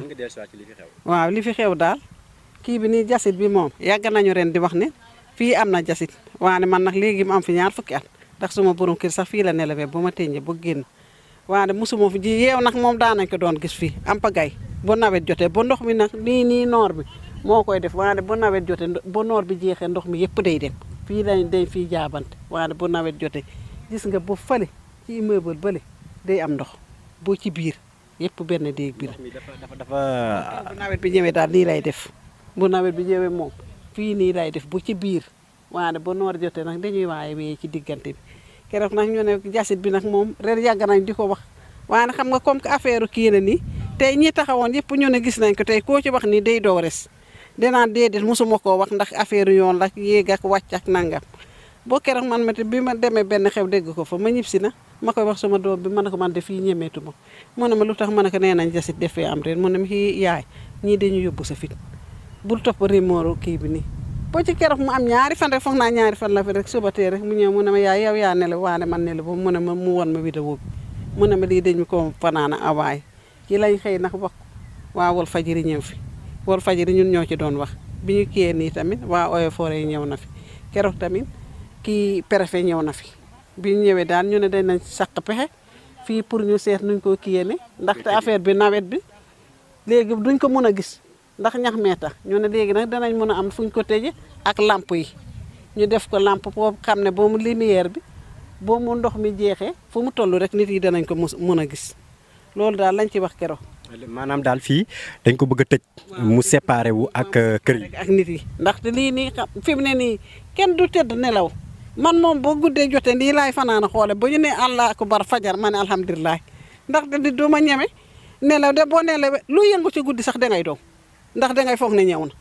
waaw waaw li fi xew daal kii bi nii jasit bi moom yàgg nañu ren di wax ne fii am na jasit waane man nag léegi mu am fi ñaar fukki at ndax suma borom kër sax fii la nelawee boo ma tëññee ba génn waane mosuma fu ji yeew nag moom daanañ ko doon gis fii am pagay ba nawet jotee ba ndox mi nag nii nii noor bi moo koy def waane ba nawet jotee ba noor bi jeexee ndox mi yëpp day dem fii lañ day fii jaabante waane ba nawet jotee gis nga ba fële ci immeuble bële day am ndox boo ci biir yëpp benn déeg bi la. dafa dafa nawet bi ñëwee daal lii lay def bu nawet bi ñëwee moom fii nii lay def bu ci biir waane ba noor jotee nag dañuy waaye wee ci diggante bi keroog nag ñu ne jasit bi nag moom ren yàgg nañ di ko wax waane xam nga comme que affaire kii nii tey ñi taxawoon yëpp ñu ne gis nañ ko tey koo ci wax nii day doo res dinaan déedéet mosuma koo wax ndax affaire yoon la yéeg ak wàcc ak nangam boo keroog man ma bi ma demee benn xew dégg ko fa ma ñibbisi na ma koy wax sama doom bi ma na ko man def fii ñemeetu ma mu ne ma lu tax ma ne ko nee nañ jasit defee am ren mu ne ma xii yaay ñii de ñu yóbbu sa fit bul topp remooro kii bi nii boo ci keroog mu am ñaari fan rek foog naa ñaari fan la fi rek suba tee rek mu ñëw mu ne ma yaay yow yaa nelaw waane man nelaw ba mu ne ma mu won ma vidéo bi mu ne ma lii dañu ko fanaana a awaay ci lañ xëy nag wax waa wal fajiri ñëw fi wal fajiri ñun ñoo ci doon wax bi ñu kiyee nii tamit waa Eaux yi ñëw na keroog tamit kii préfet ñëw na fi bi ñëwee daal ñu ne dañ nañ sàq pexe fii pour ñu seet nuñ ko kiyee ne ndaxte affaire bi nawet bi léegi duñ ko mën a gis ndax ñax mee tax ñu ne léegi nag danañ mën a am fuñ ko ak lamp yi ñu def ko lamp boo xam ne boo mu lumière bi boo mu ndox mi jeexee fu mu toll rek nit yi danañ ko mën a gis loolu daal lañ ci wax keroog. maanaam daal fii dañ ko bëgg a tëj. mu séparé wu ak euh, kër yi. ak nit yi ndaxte lii nii xam fi mu ne nii kenn du tedd nelaw. man mom bo guddee jotee ni lay fanana xolé bo ñu né allah akbar fajar man alhamdullilah ndax de di du ma ñeme nelaw de né la lu yëngu ci guddi sax ngay do ndax dangay ngay ne né ñëwna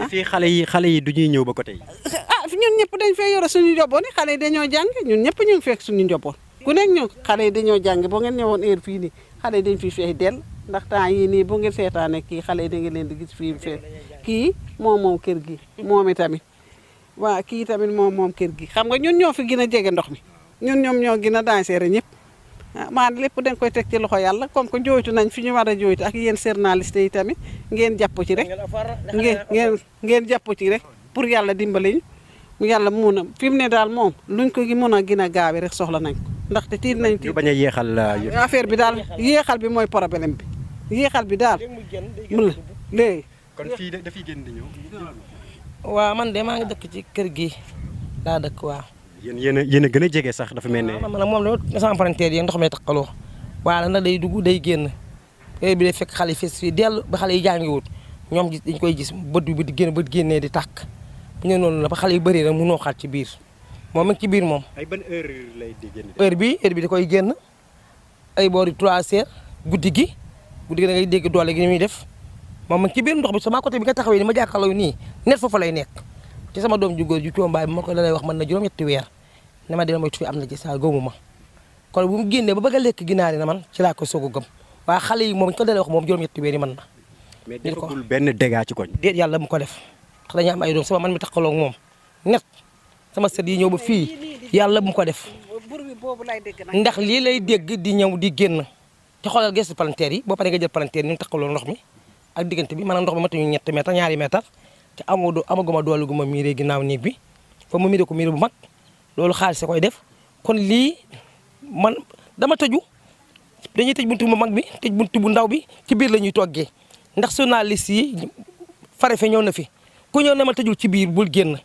ah. fi xalé yi xalé yi du ñuy ñëw ba ko tay ah ñun ñëpp dañ fee yoro suñu jobbo yi xalé yi dañoo jang ñun ñëpp ñu ngi fekk suñu jobbo ku nekk ñu xalé yi dañoo jang bo ngeen ñëwoon heure fi ni xalé yi dañ fi feex del ndax ta yi ni bo ngeen sétane ki xalé yi da ngeen leen di gis fi fees ki mom mom kër gi momi tamit waa kii tamit moom moom kër gi xam nga ñun ñoo fi gën a jege ndox mi ñun ñoom ñoo gin a danseere ñëpp ah, maa lépp da nga koy teg ci loxo yàlla comme que jooytu nañ fi ñu war a jooytu ak yéen journaliste yi tamit ngeen jàpp ci rek ngeen ngeen ngeen jàpp ci rek pour yàlla dimbali ñu yàlla mun a fi mu ne daal moom luñ ko mun a gin a gaawe rek soxla nañ ko ndaxte tiit nañ tiit bañ a yeexal euh, affaire bi daal yeexal bi mooy problème bi yeexal bi daal mu la léegi kon fii dafay wa man de ma ngi dëkk ci kër gi da dëkk wa yéen yéen a gëna a sax dafa melni man nag moom la sama parentère yeen ndox may wa la na day dugg day genn ay bi day fekk xale yi fees fii ba xale yi wut ñom gis dañ koy gis bët bi di genn bët genné di tak bu ñu non la ba xale yu bëri rek mu xat ci biir mom ci biir mom ay ban heure lay di genn heure bi heure bi da koy genn ay boori 3 h guddigi guddigi da ngay dégg doole gi ñuy def moom man ci biir ndox bi sama côté bi nga taxawee ni ma jàkkaarloo nii net foofu lay nekk te sama doom ju góor ju coombaay bi ma ko dalay wax man na juróom-ñetti weer ne ma dina moytu fi am na ci saa kon bu mu génnee ba bëgg a lekk ginaar yi na man ci laa ko soog a gëm yi moom ko moom juróom-ñetti weer yi mën na mais defagul benn dégât ci koñ déet mu ko def ndax am ay doom sama man mi taxaloo moom net sama sët yi ñëw ba fii yàlla mu ko def ndax lii lay dégg di ñëw di génn te xoolal gestu palanteer yi boo paree nga jël palanteer yi ñu taxaloo ndox mi ak diggante bi maanaam ndox bi matuñu ñetti mètre ñaari mètre te amoo amaguma doole ma miiree ginnaaw nii bi fa ma miiree ko miiree bu mag loolu xaalis koy def kon lii man dama tëju dañuy tëj buntu bu mag bi tëj buntu bu ndaw bi ci biir la ñuy toggee ndax journaliste yi fare fe ñëw na fi ku ñëw ne ma tëjul ci biir bul génn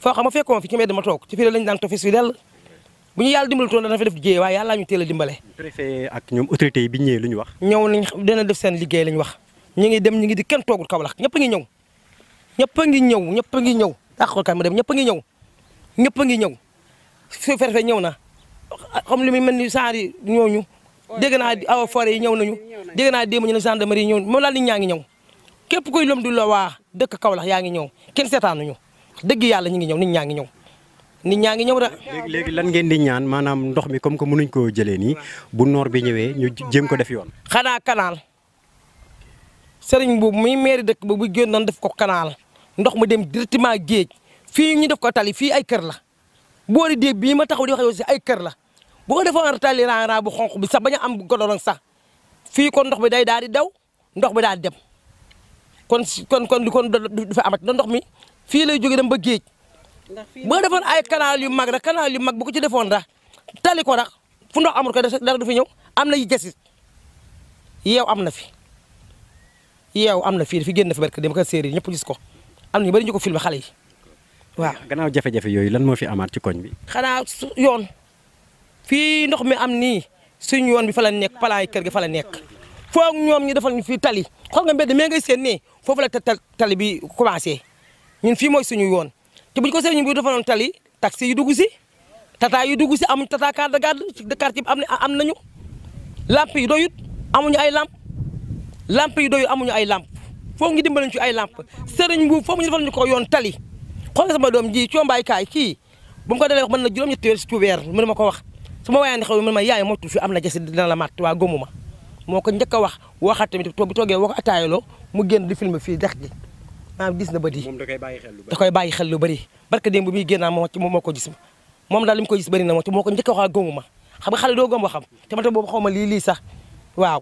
foo xam ma fekkuma fi ci mbedd ma toog ci fii lañu daan tofis fi dell bu ñu yàlla dimbali toon dana fa def jéey waaye ñu teel a dimbale. préfet ak ñoom yi bi lu ñu wax. ñëw nañ dana def seen liggéey la ñu wax. ñu ngi dem ñu ngi di kenn toogul Kaolack ñëpp ngi ñëw ñëpp ngi ñëw ñëpp a ngi ñëw d'accord kan ma dem ñëpp a ngi ñëw ñëpp a ngi ñëw su fekkee ñëw na xam li muy mel ni saar yi ñooñu dégg naa awa forêt yi ñëw nañu dégg naa démb ñu ne gendarmerie yi ñëw moom daal nit ñaa ngi ñëw képp kuy lom du la waa dëkk Kaolack yaa ngi ñëw kenn ñu dëgg yàlla ñu ngi ñëw ni ñaa ngi ñëw nit ñaa ngi ñëw da léegi lan ngeen di ñaan maanaam ndox mi comme que mënuñ ko jëlee ni bu noor bi ñëwee ñu jéem ko def yoon sëriñ boobu muy mairie dëkk ba bu génnoon def ko kanaal ndox mu dem directement géej fii ñu def ko tali fii ay kër la boori déeg bii ma taxaw di wax si ay kër la boo ko defoon tali bu xonq bi sax bañ a am godorong sax fii kon ndox bi day daal di daw ndox bi daal di dem kon kon kon kon du fa amat da ndox mi fii lay jóge dem ba géej boo defoon ay canal yu mag rek canal yu mag bu ko ci defoon ra tali ko rax fu ndox amul ko dara du fi ñëw am na yi jasit yeew am na fi yeew am na fii dafi génn fi barke dama ko séeréer ñëpp gis ko am na ñu bëri ñu ko filmé xale yi waaw. gannaaw jafe yooyu lan moo fi amaat ci koñ xanaa su yoon fii ndox mi am nii suñu yoon bi fa la nekk palaay kër gi fa la nekk foog ñoom ñu defal ñu fi tali xool nga mbedd mee ngay seen foofu la tali bi commencé ñun fii mooy suñu yoon te buñ ko seen ñu bu defaloon tali taxi yu dugg si tata yu dugg si amuñ tata carte de garde ci quartier bi am na am nañu làmp yi doyut amuñu ay lamp lamp yi doyu amuñu ay lamp foofu ngi dimbalañ ci ay lamp sëriñ bu foofu ñu defal ñu ko yoon tali xool sama doom ji coombaay kaay kii bu ko dalee wax man na juróom-ñetti weer si weer mën ma ko wax su ma waayaan xew mën ma yaay moytu fi am na jasi dina la màtt waa góomu ma moo ko njëkk a wax waxaat tamit bu toogee woo ko ataayaloo mu génn di film fii dex gi maanaam gis na ba di da koy bàyyi xel lu bëri barke démb bu muy génnaa moom moo ko gis ma moom daal li mu ko gis bëri na moo moo ko njëkk bari na waa góomu ma xam nga xale doo góom te ma boobu sax waaw